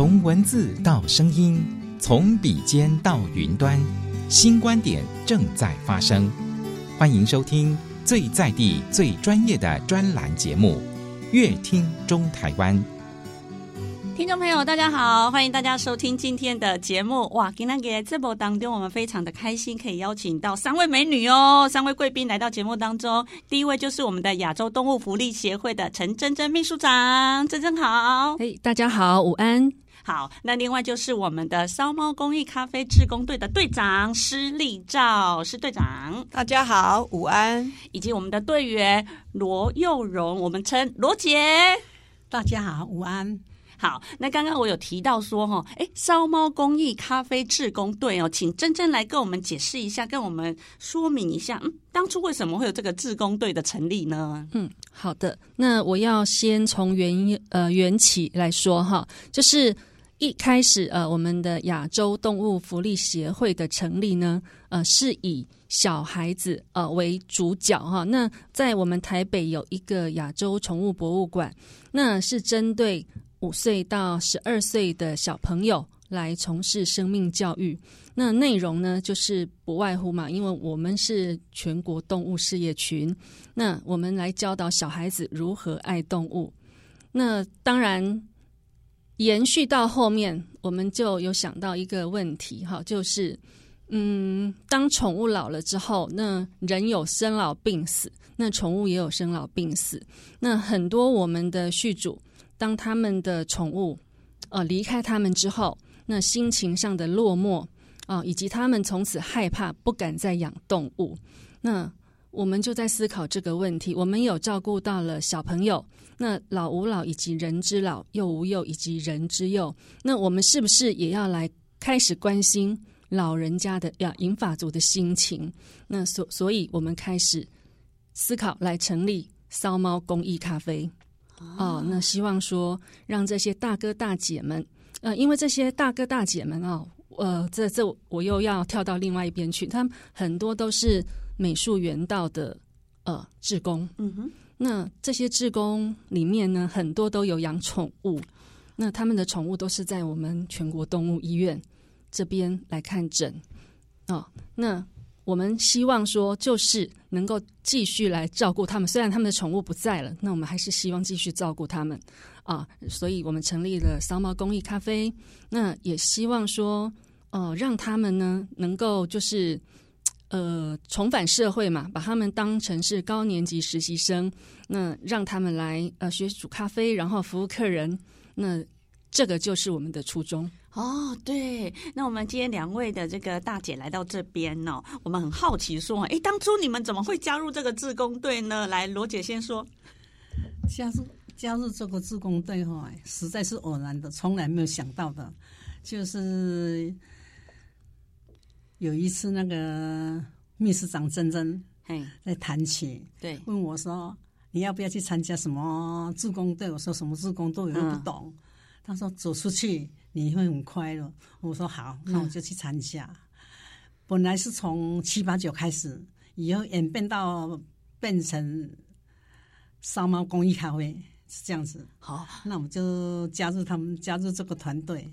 從文字到聲音，從筆尖到雲端，新觀點正在發生。歡迎收聽最在地、最專業的專欄節目《樂聽中台灣》。聽眾朋友，大家好，歡迎大家收聽今天的節目。哇，今天給這波當中，我們非常的開心，可以邀請到三位美女哦，三位貴賓來到節目當中。第一位就是我們的亞洲動物福利協會的陳甄甄祕書長，甄甄好。Hey, 大家好，午安。好，那另外就是我們的騷貓公益咖啡志工隊的隊長施麗照，施隊長，隊長大家好，午安，以及我們的隊員羅又榕，我們稱羅姐，大家好，午安。好，那剛剛我有提到說哈，哎、欸，騷貓公益咖啡志工隊哦，請甄甄來跟我們解釋一下，跟我們說明一下，嗯，當初為什麼會有這個志工隊的成立呢？嗯，好的，那我要先從原因呃緣起來說哈，就是。一開始，呃，我們的亞洲動物福利協會的成立呢，呃，是以小孩子呃為主角哈。那在我們台北有一個亞洲寵物博物館，那是針對五歲到十二歲的小朋友來從事生命教育。那內容呢，就是不外乎嘛，因為我們是全國動物事業群，那我們來教導小孩子如何愛動物。那當然。延續到後面，我們就有想到一個問題，哈，就是，嗯，當寵物老了之後，那人有生老病死，那寵物也有生老病死。那很多我們的飼主，當他們的寵物，呃，離開他們之後，那心情上的落寞啊、呃，以及他們從此害怕不敢再養動物，那。我們就在思考這個問題。我們有照顧到了小朋友，那老吾老以及人之老，幼吾幼以及人之幼。那我們是不是也要來開始關心老人家的呀？銀、啊、髮族的心情。那所所以，我們開始思考來成立騷貓公益咖啡。哦，哦，那希望說讓這些大哥大姐們，呃，因為這些大哥大姐們啊、哦，呃，這這我又要跳到另外一邊去。他們很多都是。美術園道的呃志工，嗯哼，那這些志工裡面呢，很多都有養寵物，那他們的寵物都是在我們全國動物醫院這邊來看診啊、哦。那我們希望說，就是能夠繼續來照顧他們，雖然他們的寵物不在了，那我們還是希望繼續照顧他們啊、哦。所以，我們成立了騷貓公益咖啡，那也希望說，哦、呃，讓他們呢能夠就是。呃，重返社會嘛，把他們當成是高年級實習生，那讓他們來呃學煮咖啡，然後服務客人，那這個就是我們的初衷。哦，對，那我們今天兩位的這個大姐來到這邊哦，我們很好奇說，哎，當初你們怎麼會加入這個志工隊呢？來，羅姐先說，加入加入這個志工隊哈、哦，實在是偶然的，從來沒有想到的，就是。有一次，那個祕書長甄甄在談起，問我說：“你要不要去參加什麼志工隊？”我說：“什麼志工隊？”我都不懂。他說：“走出去，你會很快樂。”我說：“好，那我就去參加。”本來是從七八九開始，以後演變到變成騷貓公益咖啡是這樣子。好，那我就加入他們，加入這個團隊。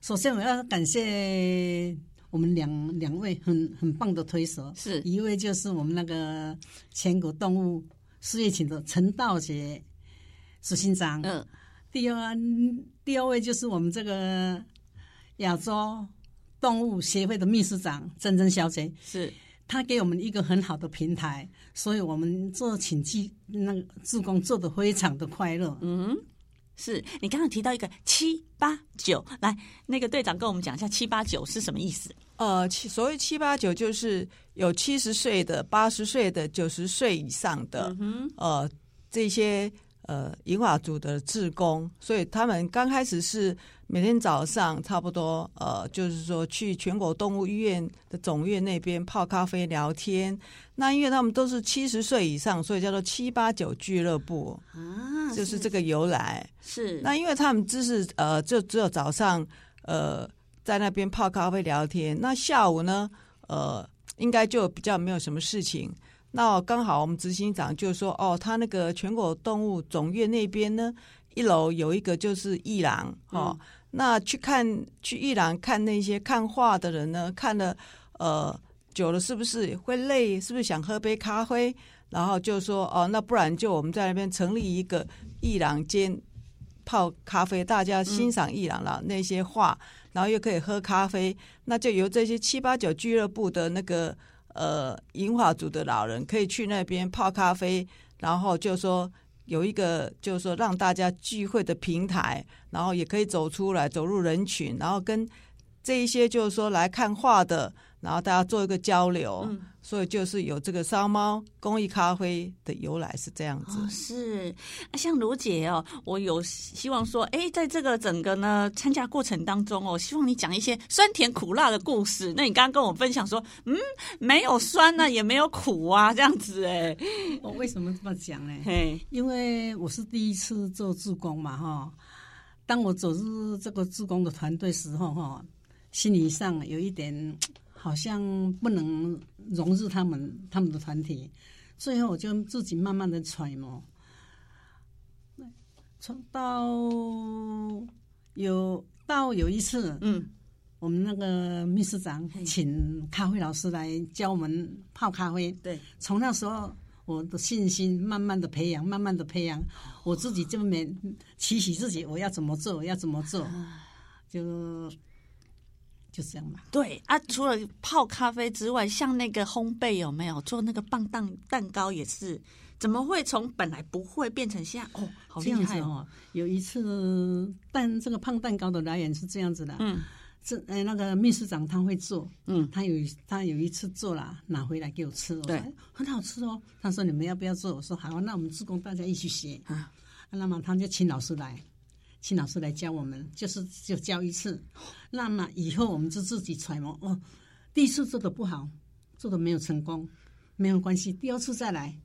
首先，我要感謝。我們兩兩位很很棒的推手，是一位就是我們那個全國動物事業群的陳道杰執行長，嗯，嗯，第二第二位就是我們這個亞洲動物協會的秘書長甄甄小姐，是，他給我們一個很好的平台，所以我們做請記那個志工做的非常的快樂，嗯，是你剛剛提到一個七八九，來，那個隊長跟我們講一下七八九是什麼意思？呃，所謂七八九，就是有七十歲的、八十歲的、九十歲以上的、嗯、哼呃這些呃銀髮族的志工，所以他們剛開始是每天早上差不多呃，就是說去全國動物醫院的總院那邊泡咖啡聊天。那因為他們都是七十歲以上，所以叫做七八九俱樂部啊，是，就是這個由來是。那因為他們只是呃，就只有早上呃。在那邊泡咖啡聊天，那下午呢？呃，應該就比較沒有什麼事情。那剛好我們執行長就說：“哦，他那個全國動物總院那邊呢，一樓有一個就是藝廊。’哦，那去看去藝廊看那些看畫的人呢，看了呃久了是不是會累？是不是想喝杯咖啡？然後就說：哦，那不然就我們在那邊成立一個藝廊間泡咖啡，大家欣賞藝廊了那些畫。”然後又可以喝咖啡，那就由這些七八九俱樂部的那個呃銀髮族的老人可以去那邊泡咖啡，然後就說有一個就是說讓大家聚會的平台，然後也可以走出來走入人群，然後跟這一些就是說來看畫的。然後大家做一個交流，嗯、所以就是有這個騷貓公益咖啡的由來是這樣子。哦、是像羅姐哦，我有希望說，哎，在這個整個呢參加過程當中哦，希望你講一些酸甜苦辣的故事。那你剛剛跟我分享說，嗯，沒有酸呢、啊，也沒有苦啊，這樣子哎。我、哦、為什麼這麼講呢？嘿，因為我是第一次做志工嘛哈、哦。當我走入這個志工的團隊時候哈、哦，心理上有一點。好像不能融入他們他們的團體，最後我就自己慢慢的揣摩，從到有到有一次，嗯，我們那個祕書長請咖啡老師來教我們泡咖啡，對，從那時候我的信心慢慢的培養，慢慢的培養，我自己就沒提醒自己，我要怎麼做，我要怎麼做，就。就這樣嘛。對啊，除了泡咖啡之外，像那個烘焙，有沒有做那個磅蛋蛋糕也是？怎麼會從本來不會變成現在？哦，好厲害哦，這樣害哦！有一次，但這個磅蛋糕的來源是這樣子的。嗯，這呃、哎、那個秘書長他會做，嗯，他有他有一次做了拿回來給我吃，哦，對，很好吃哦。他說你們要不要做？我說好，那我們志工大家一起學啊。那麼他就請老師來。請老師來教我們，就是就教一次。那麼以後我們就自己揣摩哦。第一次做的不好，做的沒有成功，沒有關係，第二次再來。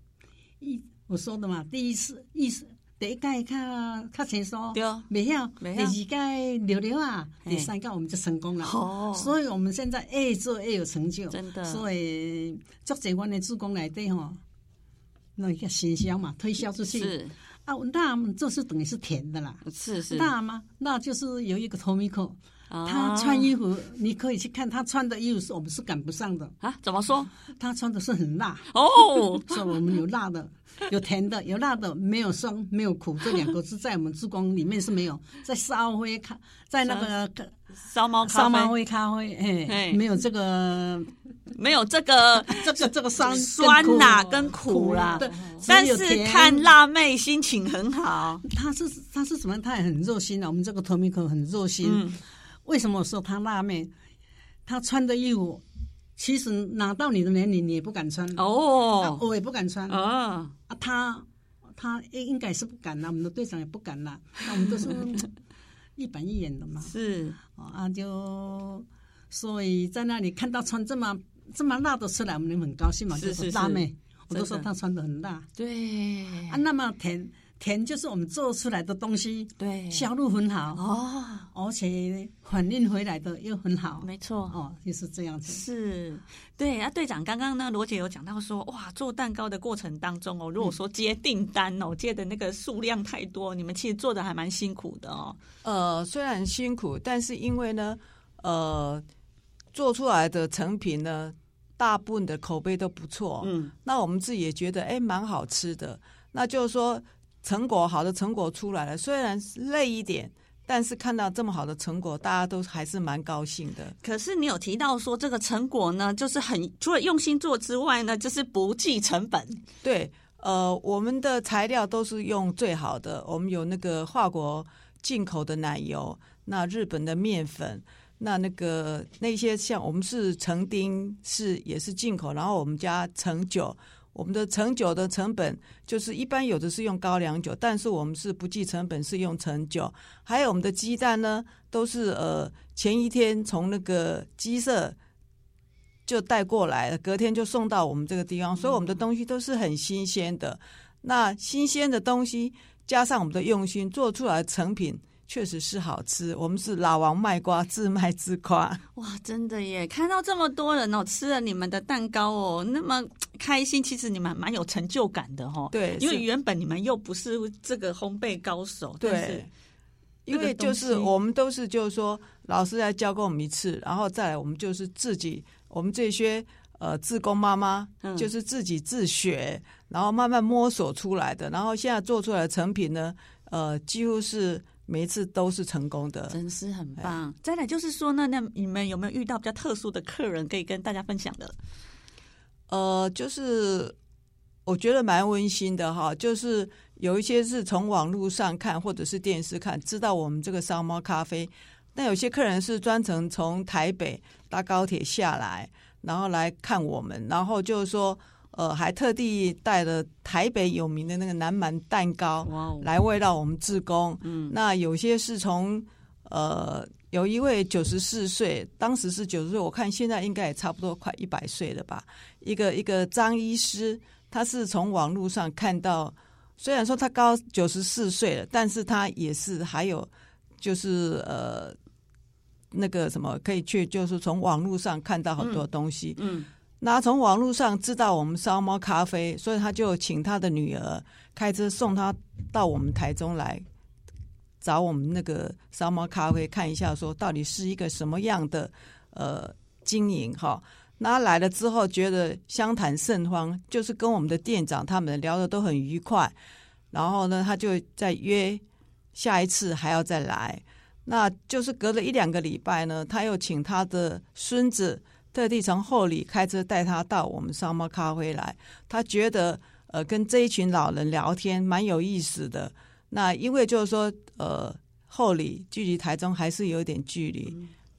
一我說的嘛，第一次意思第一蓋看看廁所，第一次對哦，沒沒行第二蓋聊聊啊，對第三蓋我們就成功了。哦對，所以我們現在越做越有成就，真的。所以做台灣的志工來對吼，弄一個行銷嘛，推銷出去那，這是等於是甜的了啦。是是。那嗎？那就是有一個托米克。他穿衣服，你可以去看他穿的衣服，是我們是趕不上的啊。怎麼說？他穿的是很辣哦，所以我們有辣的，有甜的，有辣的，沒有酸，沒有苦，這兩個字在我們志工裡面是沒有，在騷貓咖，在那個騷貓騷貓咖啡，哎，沒有這個，沒有這個，這個這個酸酸辣跟苦啦，但是看辣妹心情很好，他是他是什麼？他也很熱心啊，我們這個 Tomiko 很熱心。為什麼我說他辣妹？他穿的衣服，其實拿到你的年齡，你也不敢穿哦，我、oh. oh. 啊、也不敢穿哦，oh. 啊，他他應該是不敢了，我們的隊長也不敢了。那我們都是一板一眼的嘛。 是啊就，就所以在那裡看到穿這麼這麼辣的出來，我們就很高興嘛，就是，是，是辣妹。的我都說他穿的很辣。對啊，那麼甜。甜，就是我們做出來的東西，對，銷路很好哦，而且反應回來的又很好，沒錯哦，就是這樣子。是，對啊，隊長，剛剛呢，羅姐有講到說，哇，做蛋糕的過程當中哦，如果說接訂單哦，嗯、接的那個數量太多，你們其實做的還蠻辛苦的哦。呃，雖然辛苦，但是因為呢，呃，做出來的成品呢，大部分的口碑都不錯，嗯，那我們自己也覺得哎，蠻好吃的，那就是說。成果好的成果出來了，雖然累一點，但是看到這麼好的成果，大家都還是蠻高興的。可是你有提到說這個成果呢，就是很除了用心做之外呢，就是不計成本。對，呃，我們的材料都是用最好的，我們有那個法國進口的奶油，那日本的麵粉，那那個那些像我們是成丁是也是進口，然後我們加成酒。我們的成酒的成本，就是一般有的是用高粱酒，但是我們是不計成本，是用成酒。還有我們的雞蛋呢，都是呃前一天從那個雞舍就帶過來了，隔天就送到我們這個地方，所以我們的東西都是很新鮮的。嗯、那新鮮的東西加上我們的用心，做出來的成品確實是好吃。我們是老王賣瓜，自賣自誇。哇，真的耶！看到這麼多人哦，吃了你們的蛋糕哦，那麼。開心，其實你們蠻有成就感的哈。對，因為原本你們又不是這個烘焙高手。對。是因為就是我們都是，就是說老師來教過我們一次，然後再來我們就是自己，我們這些呃志工媽媽、嗯、就是自己自學，然後慢慢摸索出來的。然後現在做出來的成品呢，呃，幾乎是每一次都是成功的，真是很棒。對再來就是說呢，那你們有沒有遇到比較特殊的客人可以跟大家分享的？呃，就是我覺得蠻溫馨的哈，就是有一些是從網絡上看或者是電視看，知道我們這個騷貓咖啡，那有些客人是專程從台北搭高鐵下來，然後來看我們，然後就是說，呃，還特地帶了台北有名的那個南蠻蛋糕來慰勞我們志工。那有些是從呃。有一位九十四歲，當時是九十歲，我看現在應該也差不多快一百歲了吧。一個一個張醫師，他是從網絡上看到，雖然說他高九十四歲了，但是他也是還有就是呃那個什麼可以去，就是從網絡上看到很多東西。嗯，那、嗯、從網絡上知道我們騷貓咖啡，所以他就請他的女兒開車送他到我們台中來。找我們那個騷貓咖啡看一下，說到底是一個什麼樣的呃經營哈？那來了之後覺得相談甚歡，就是跟我們的店長他們聊得都很愉快。然後呢，他就再約下一次還要再來。那就是隔了一兩個禮拜呢，他又請他的孫子特地從后里開車帶他到我們騷貓咖啡來。他覺得呃跟這一群老人聊天蠻有意思的。那因為就是說，呃，後里距離台中還是有點距離，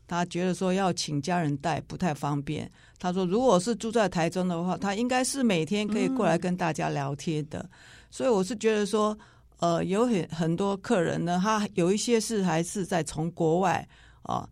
他覺得說要請家人帶不太方便。他說，如果是住在台中的話，他應該是每天可以過來跟大家聊天的。嗯、所以我是覺得說，呃，有很很多客人呢，他有一些是還是在從國外啊、呃、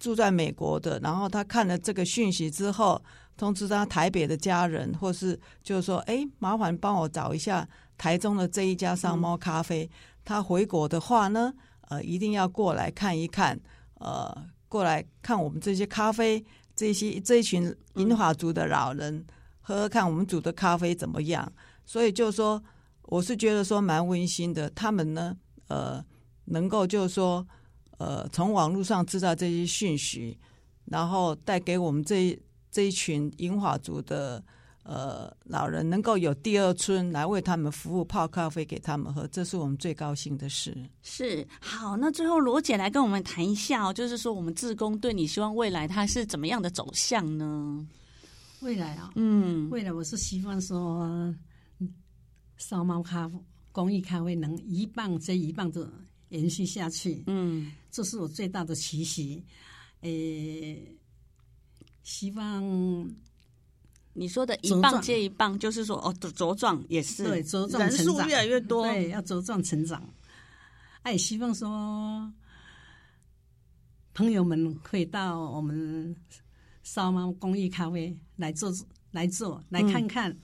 住在美國的，然後他看了這個訊息之後，通知他台北的家人，或是就是說，哎，麻煩幫我找一下。台中的這一家騷貓咖啡，嗯、他回國的話呢，呃，一定要過來看一看，呃，過來看我們這些咖啡，這些這一群銀髮族的老人，嗯、喝喝看我們煮的咖啡怎麼樣。所以就是說，我是覺得說蠻溫馨的。他們呢，呃，能夠就是說，呃，從網絡上知道這些訊息，然後帶給我們這一這一群銀髮族的。呃，老人能夠有第二春來為他們服務，泡咖啡給他們喝，這是我們最高興的事。是，好，那最後羅姐來跟我們談一下就是說，我們志工隊你希望未來它是怎麼樣的走向呢？未來啊，嗯，未來我是希望說，騷貓咖啡公益咖啡能一棒接一棒的延續下去。嗯，這是我最大的期許。呃、欸，希望。你說的一棒接一棒，壯就是說哦，茁壯也是，對，人數越來越多，對，要茁壯成長。哎、啊，也希望說朋友們可以到我們騷貓公益咖啡來坐，來坐，來，坐嗯、來看看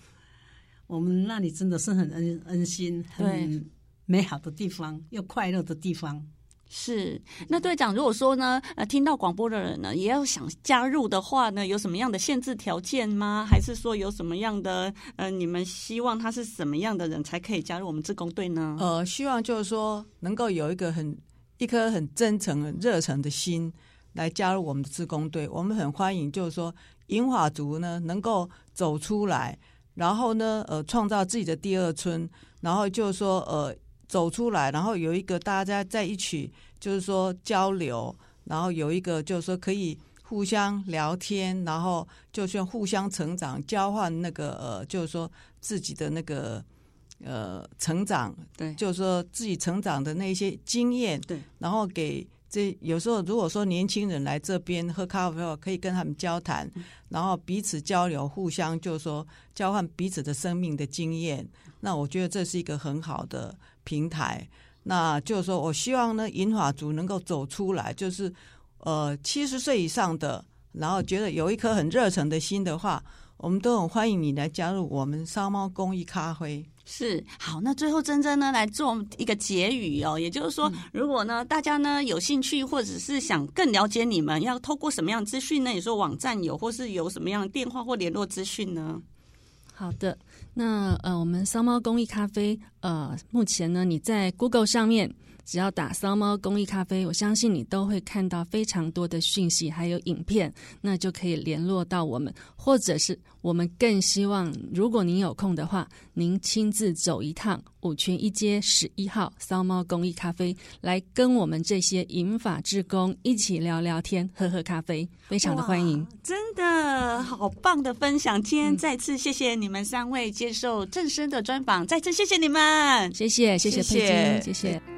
我們那裡真的是很恩恩心、很美好的地方，對又快樂的地方。是，那隊長，如果說呢，呃，聽到廣播的人呢，也要想加入的話呢，有什麼樣的限制條件嗎？還是說有什麼樣的呃，你們希望他是什麼樣的人才可以加入我們志工隊呢？呃，希望就是說能夠有一個很一顆很真誠、很熱誠熱忱的心來加入我們的志工隊，我們很歡迎，就是說銀髮族呢能夠走出來，然後呢，呃，創造自己的第二春，然後就是說，呃。走出來，然後有一個大家在一起，就是說交流，然後有一個就是說可以互相聊天，然後就算互相成長，交換那個呃，就是說自己的那個呃成長，對，就是說自己成長的那些經驗，對，然後給這有時候如果說年輕人來這邊喝咖啡的話，可以跟他們交談，嗯、然後彼此交流，互相就是說交換彼此的生命的經驗，那我覺得這是一個很好的。平台，那就是說，我希望呢，銀髮族能夠走出來，就是，呃，七十歲以上的，然後覺得有一顆很熱誠的心的話，我們都很歡迎你來加入我們騷貓公益咖啡。是，好，那最後甄甄呢，來做一個結語哦，也就是說，如果呢，大家呢有興趣，或者是想更了解你們，要透過什麼樣資訊呢？你說網站有，或是有什麼樣電話或聯絡資訊呢？好的，那呃，我們騷貓公益咖啡，呃，目前呢，你在 Google 上面。只要打“騷貓公益咖啡”，我相信你都會看到非常多的訊息，還有影片，那就可以聯絡到我們，或者是我們更希望，如果您有空的話，您親自走一趟五權一街十一號“騷貓公益咖啡”，來跟我們這些銀髮志工一起聊聊天、喝喝咖啡，非常的歡迎。真的好棒的分享！今天再次謝謝你們三位接受正聲的專訪，再次謝謝你們，謝謝謝謝佩姐。謝謝。